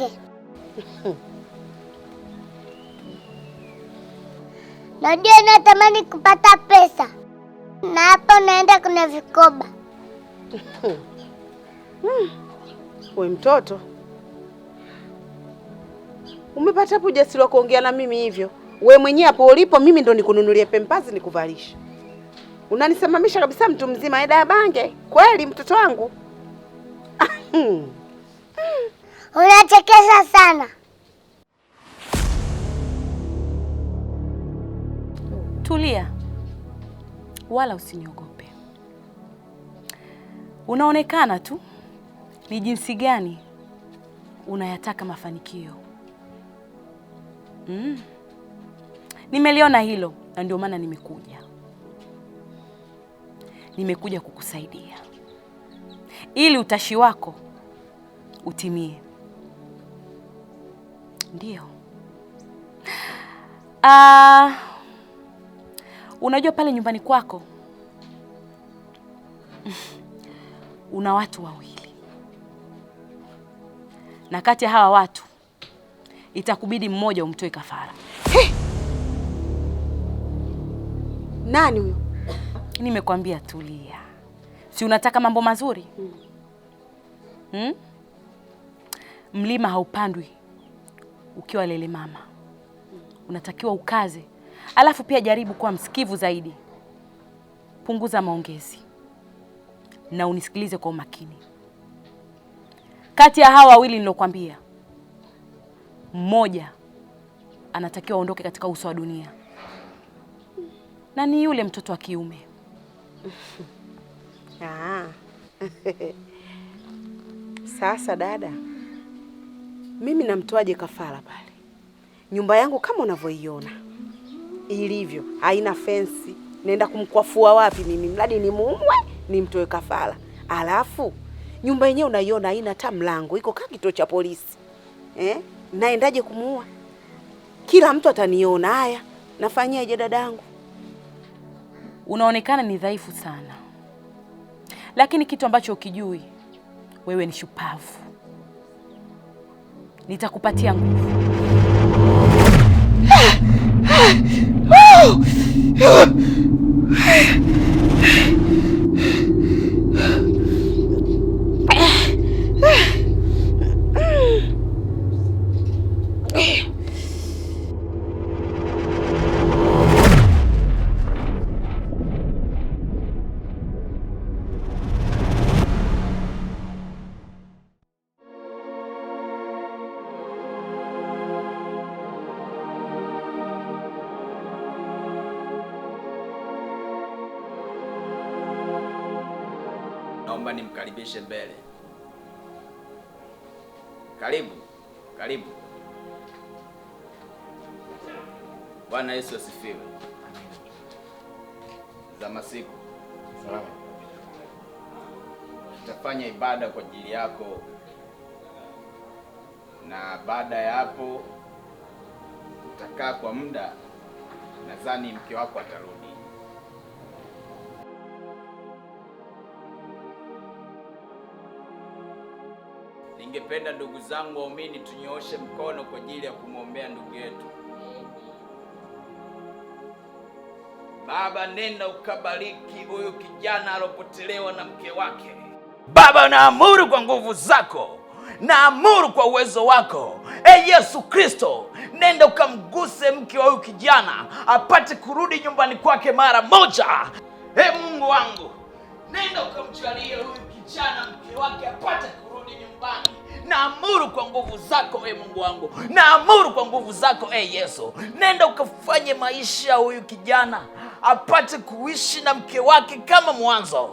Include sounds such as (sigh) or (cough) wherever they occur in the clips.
mwanamke na ndio natamani kupata pesa, na hapo naenda kuna vikoba. (laughs) We mtoto, umepata hapo ujasiri wa kuongea na mimi hivyo? We mwenyewe hapo ulipo, mimi ndo nikununulie pempazi nikuvalisha, unanisimamisha kabisa mtu mzima, aida ya bange kweli, mtoto wangu (laughs) hmm. Unachekesha sana. Tulia, wala usiniogope. Unaonekana tu ni jinsi gani unayataka mafanikio. Mm. Nimeliona hilo na ndio maana nimekuja. Nimekuja kukusaidia ili utashi wako utimie ndio Uh, unajua pale nyumbani kwako una watu wawili, na kati ya hawa watu itakubidi mmoja umtoe kafara. Hey! Nani huyo? Nimekwambia tulia, si unataka mambo mazuri hmm? hmm? Mlima haupandwi ukiwa lele mama, unatakiwa ukaze, alafu pia jaribu kuwa msikivu zaidi, punguza maongezi na unisikilize kwa umakini. Kati ya hawa wawili nilokwambia, mmoja anatakiwa aondoke katika uso wa dunia na ni yule mtoto wa kiume. (laughs) Ah. (laughs) Sasa dada mimi namtoaje kafara pale? Nyumba yangu kama unavyoiona ilivyo, haina fensi. Naenda kumkwafua wapi mimi? Mradi ni muumwe nimtoe kafara, alafu nyumba yenyewe unaiona haina hata mlango, iko kama kituo cha polisi eh? Naendaje kumuua? Kila mtu ataniona. Haya, nafanyaje dadangu? Unaonekana ni dhaifu sana, lakini kitu ambacho ukijui wewe ni shupavu nitakupatia nguvu. naomba nimkaribishe mbele. Karibu, karibu. Bwana Yesu asifiwe. Za masiku tutafanya ibada kwa ajili yako, na baada ya hapo utakaa kwa muda, nadhani mke wako atarudi. Ningependa ndugu zangu waumini, tunyooshe mkono kwa ajili ya kumwombea ndugu yetu. Baba, nenda ukabariki huyu kijana alopotelewa na mke wake. Baba, naamuru kwa nguvu zako, naamuru kwa uwezo wako, e Yesu Kristo, nenda ukamguse mke wa huyu kijana apate kurudi nyumbani kwake mara moja. E Mungu wangu, nenda ukamjalie huyu kijana mke wake apate nyumbani. Naamuru kwa nguvu zako e Mungu wangu, naamuru kwa nguvu zako e Yesu, nenda ukafanye maisha huyu kijana apate kuishi na mke wake kama mwanzo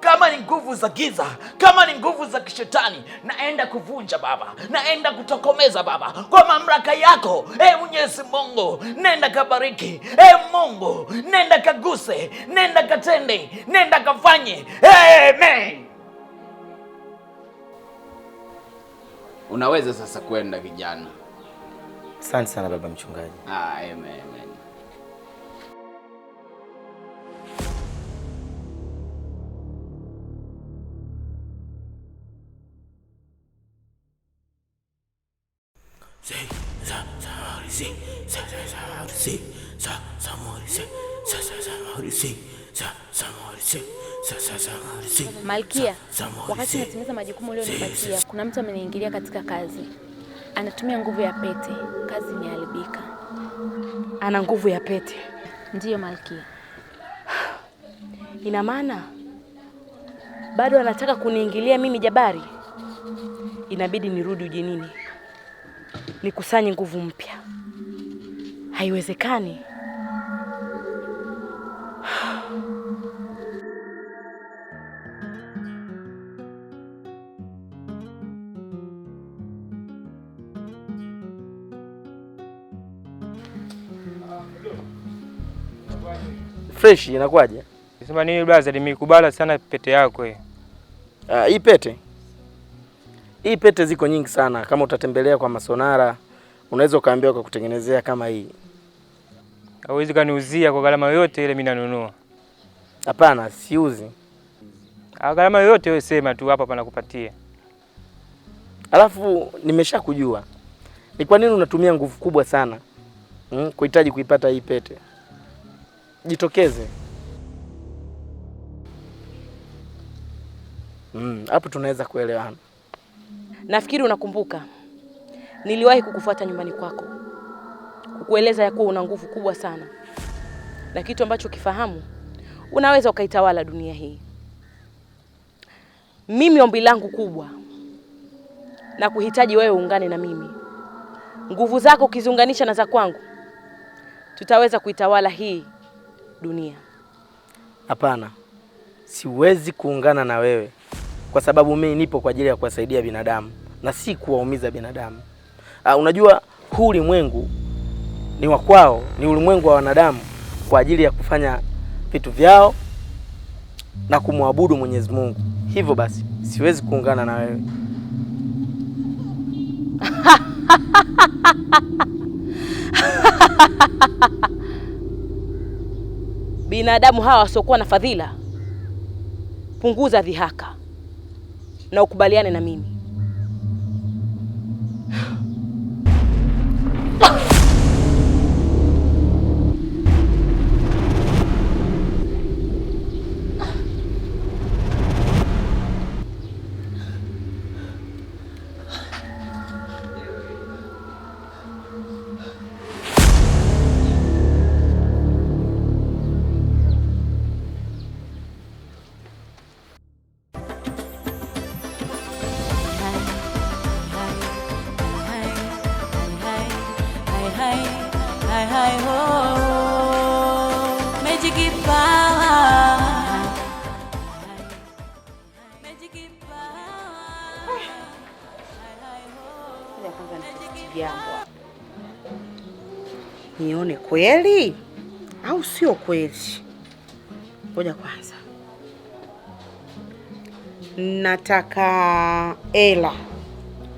kama ni nguvu za giza, kama ni nguvu za kishetani, naenda kuvunja Baba, naenda kutokomeza Baba kwa mamlaka yako e Mwenyezi Mungu, nenda kabariki e Mungu, nenda kaguse, nenda katende, nenda kafanye. Amen. Unaweza sasa kwenda kijana. Asante sana baba mchungaji. Ah, amen, amen. Malkia, wakati natimiza majukumu ulionipatia kuna mtu ameniingilia katika kazi. Anatumia nguvu ya pete, kazi imeharibika. Ana nguvu ya pete? Ndiyo Malkia. Ina maana bado anataka kuniingilia mimi Jabari. Inabidi nirudi ujinini nikusanye nguvu mpya. Haiwezekani. fresh inakuwaje? Sema nini brother, nimekubala sana pete yako hii. Uh, hii pete hii pete ziko nyingi sana, kama utatembelea kwa masonara unaweza ukaambiwa kwa kutengenezea kama hii. Hauwezi kaniuzia kwa gharama yoyote ile, mimi nanunua. Hapana, siuzi ah, gharama yoyote, wewe sema tu hapa panakupatia. Alafu kujua ni kwa nini unatumia nguvu kubwa sana mm, kuhitaji kuipata hii pete jitokeze hmm, hapo, mm, tunaweza kuelewana. Nafikiri unakumbuka niliwahi kukufuata nyumbani kwako kukueleza ya kuwa una nguvu kubwa sana na kitu ambacho kifahamu unaweza ukaitawala dunia hii. Mimi ombi langu kubwa na kuhitaji wewe uungane na mimi, nguvu zako ukiziunganisha na za kwangu, tutaweza kuitawala hii dunia. Hapana, siwezi kuungana na wewe kwa sababu mimi nipo kwa ajili ya kuwasaidia binadamu na si kuwaumiza binadamu. Uh, unajua huu ulimwengu ni wa kwao, ni ulimwengu wa wanadamu kwa ajili ya kufanya vitu vyao na kumwabudu Mwenyezi Mungu. Hivyo basi siwezi kuungana na wewe. (laughs) binadamu hawa wasiokuwa na fadhila, punguza dhihaka na ukubaliane na mimi. Nione kweli au sio kweli? Ngoja kwanza, nataka hela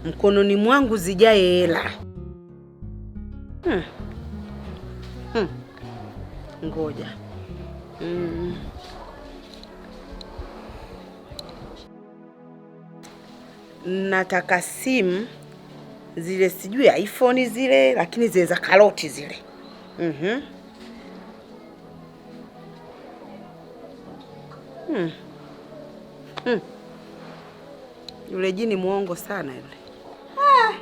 mkononi mwangu zijae hela hmm ngoja mm. Nataka simu zile sijui iPhone zile, lakini zile za karoti zile mhm. mm -hmm. Hmm. Hmm. Yule jini mwongo sana yule. Ah.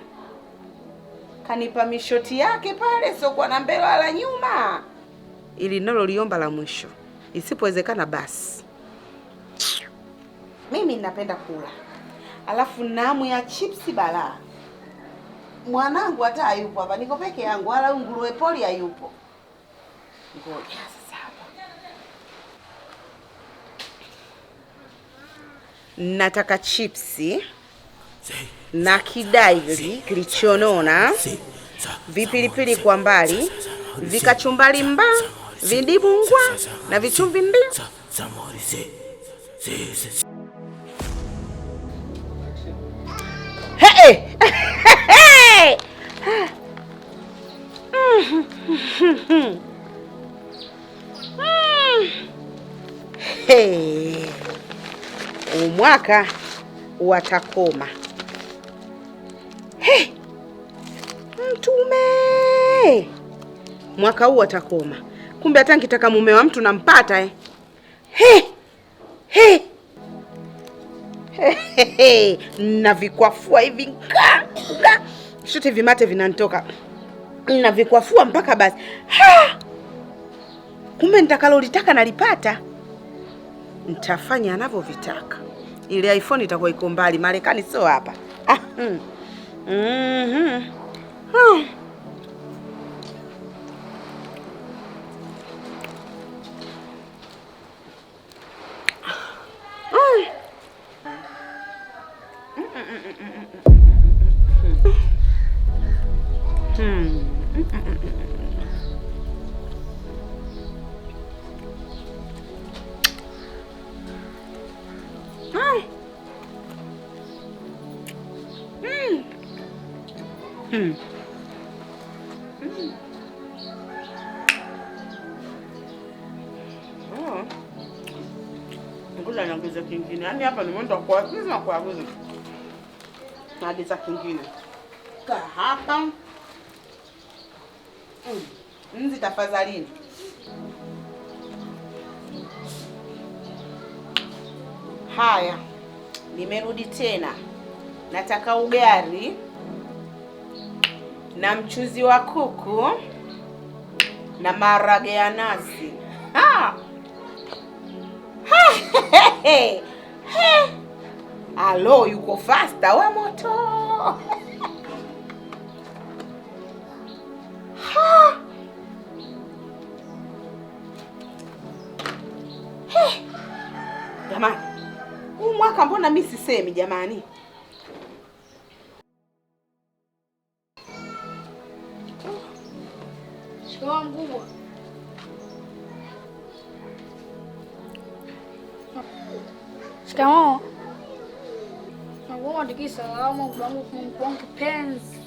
Kanipa mishoti yake pale, sio kwa na mbele wala nyuma ili liomba la mwisho, isipowezekana basi mimi ninapenda kula, alafu namu ya chipsi balaa. Mwanangu hata hayupo hapa, niko peke yangu, wala nguruwe poli hayupo. Ngoja sasa nataka chipsi na kidaivi kilichonona, vipilipili kwa mbali, vikachumbali mbaa vidibungwa na vichumvi mbili. Umwaka watakoma. Mtume, mwaka huu watakoma. Kumbe hata nikitaka mume wa mtu nampata eh. He, he. He, he, he. Navikwafua hivi nga, Shote vimate vinanitoka vikwafua mpaka basi. Ha! Kumbe litaka nalipata, nitafanya anavyovitaka. Ile iPhone itakuwa iko mbali Marekani, sio hapa. Ah, mm. Mm-hmm. ah. kingine. Yaani hapa kwa na kingine. Ka hapa. Mm. Nzi tafadhalini. Haya, nimerudi tena. Nataka ugali na mchuzi wa kuku na marage ya nazi. Ha! Ha! (laughs) (laughs) Alo yuko fasta wa moto (laughs) Jamani, huu mwaka mbona mi sisemi jamani?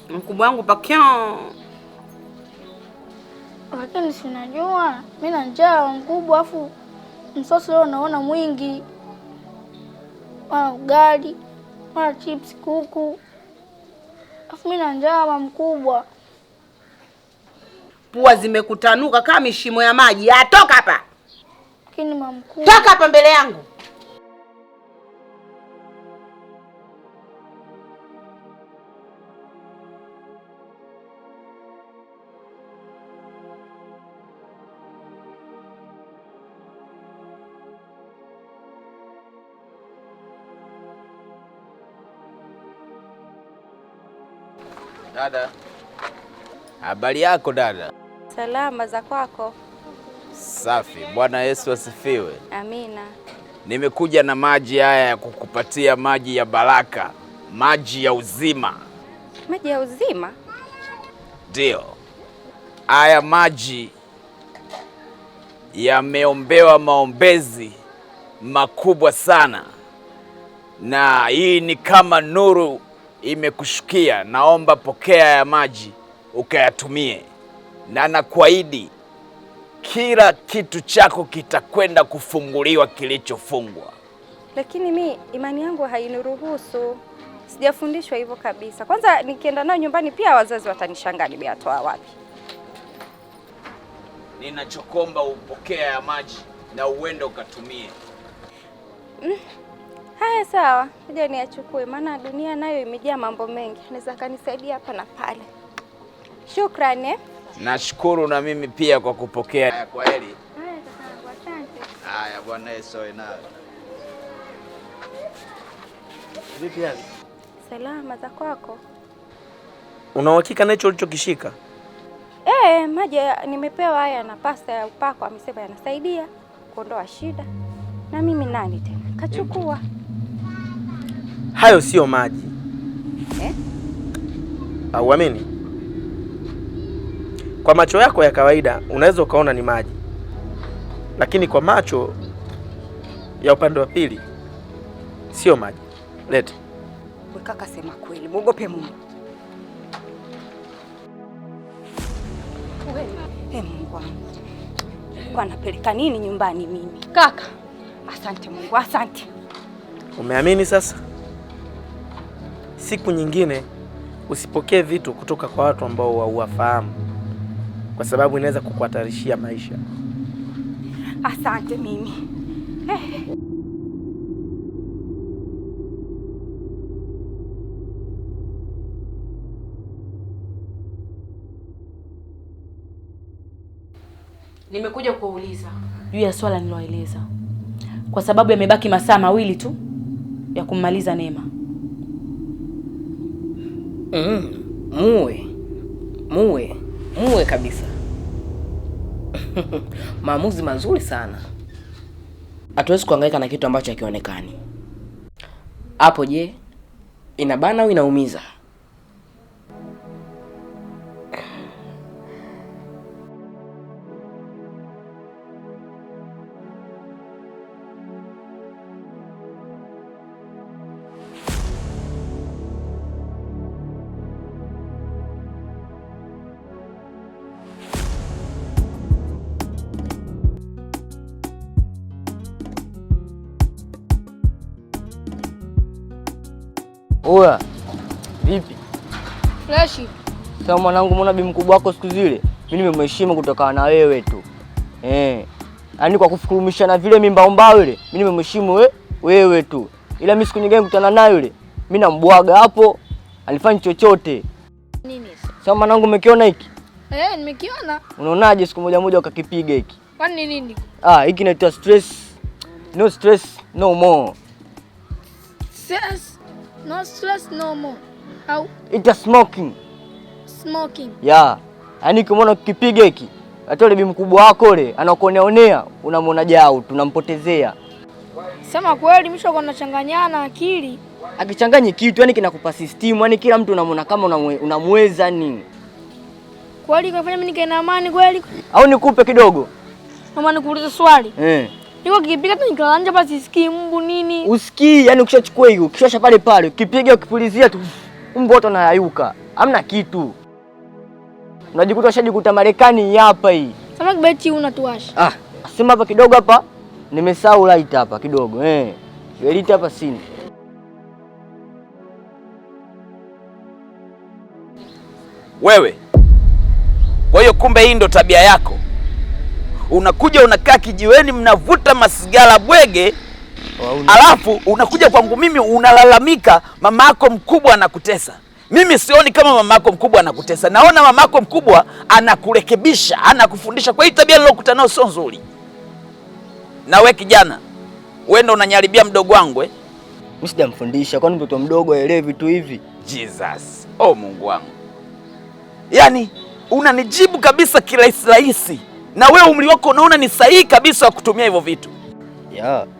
mkubwa wangu pakyo. Lakini si unajua mimi na njaa mkubwa, afu msosi leo naona mwingi, mara ugali, mara chips, kuku, afu mimi na njaa mkubwa. Pua zimekutanuka kama mishimo ya maji. Atoka hapa, lakini mama toka hapa mbele yangu. Dada, habari yako dada? Salama za kwako? Safi. Bwana Yesu asifiwe. Amina. Nimekuja na maji haya ya kukupatia, maji ya baraka, maji ya uzima. Maji ya uzima? Ndiyo, haya maji yameombewa maombezi makubwa sana, na hii ni kama nuru imekushukia, naomba pokea ya maji ukayatumie, na nakuahidi kila kitu chako kitakwenda kufunguliwa kilichofungwa. Lakini mi imani yangu hainiruhusu, sijafundishwa hivyo kabisa. Kwanza nikienda nayo nyumbani, pia wazazi watanishangaa nimeatoa wapi. Ninachokomba upokea ya maji na uende ukatumie. Mm. Haya, sawa, kuja niachukue, maana dunia nayo imejaa mambo mengi, anaweza kanisaidia hapa na pale. Shukrani. Eh? Nashukuru na mimi pia kwa kupokea. Haya, kwa heri. Haya, Haya, Bwana Yesu awe nawe. Vipi hali? Salama, za kwako? Una uhakika na hicho ulichokishika? Eh, maji nimepewa haya na pasta ya upako, amesema yanasaidia kuondoa shida, na mimi nani tena kachukua hayo siyo maji eh? Auamini? Kwa macho yako ya kawaida unaweza ukaona ni maji, lakini kwa macho ya upande wa pili siyo maji. Leta kaka, sema kweli, muogope Mungu. Hey, eh, Mungu wangu napeleka nini nyumbani mimi kaka? Asante Mungu, asante. Umeamini sasa? siku nyingine usipokee vitu kutoka kwa watu ambao hauwafahamu, kwa sababu inaweza kukuhatarishia maisha. Asante mimi hey. Nimekuja kuwauliza juu ya swala nilowaeleza, kwa sababu yamebaki masaa mawili tu ya kummaliza Neema. Mm, muwe muwe muwe kabisa. (laughs) Maamuzi mazuri sana. Hatuwezi kuhangaika na kitu ambacho hakionekani. Hapo je, inabana au inaumiza? Oya, vipi? Fresh. Sasa mwanangu, mbona bi mkubwa wako siku zile mimi nimemheshimu kutokana na wewe tu eh, yaani kwa kufukurumisha na vile mimbaomba yule mimi nimemheshimu we, wewe tu, ila mimi siku nyingine kutana naye yule mimi nambwaga hapo, alifanyi chochote nini? Sasa mwanangu, umekiona hiki eh? Nimekiona. Unaonaje siku moja moja ukakipiga hiki? Kwani nini? Ah, hiki inaitwa stress. No stress no more. Stress. No stress no more. It is smoking. Smoking. Yeah. Yaani ukimwona ukipiga hiki hata bi mkubwa wako yule anakuoneonea unamwona jao tunampotezea. Sema kweli mwisho kwa nachanganyana akili. Akichanganya kitu yani kinakupa system yani kila mtu unamwona kama unamweza ni. Kweli kafanya mimi nikae na amani kweli? Au nikupe kidogo? Mama nikuulize swali. Eh. Niko kipiga tu nikalanja basi sikii mbu nini. Usikii, yani ukishachukua hiyo, kishasha pale pale, ukipiga ukipulizia tu mbu wote wanayayuka. Hamna kitu. Unajikuta ushajikuta Marekani hapa hii. Sasa kibeti unatuasha. Ah, sema hapa kidogo hapa. Nimesahau light hapa kidogo. Eh. Light hapa sini. Wewe. Kwa hiyo kumbe hii ndo tabia yako unakuja unakaa kijiweni, mnavuta masigara bwege Wauna. Alafu unakuja kwangu mimi unalalamika, mama yako mkubwa anakutesa. Mimi sioni kama mama yako mkubwa anakutesa, naona mama yako mkubwa anakurekebisha, anakufundisha. Kwa hiyo tabia nilokuta nayo sio nzuri. Na we kijana, wewe ndo unanyaribia mdogo wangu eh? Mimi sijamfundisha, kwani mtoto mdogo aelewe vitu hivi? Jesus, oh Mungu wangu, yaani unanijibu kabisa kirahisi rahisi na wewe umri wako unaona ni sahihi kabisa kutumia hivyo vitu yeah.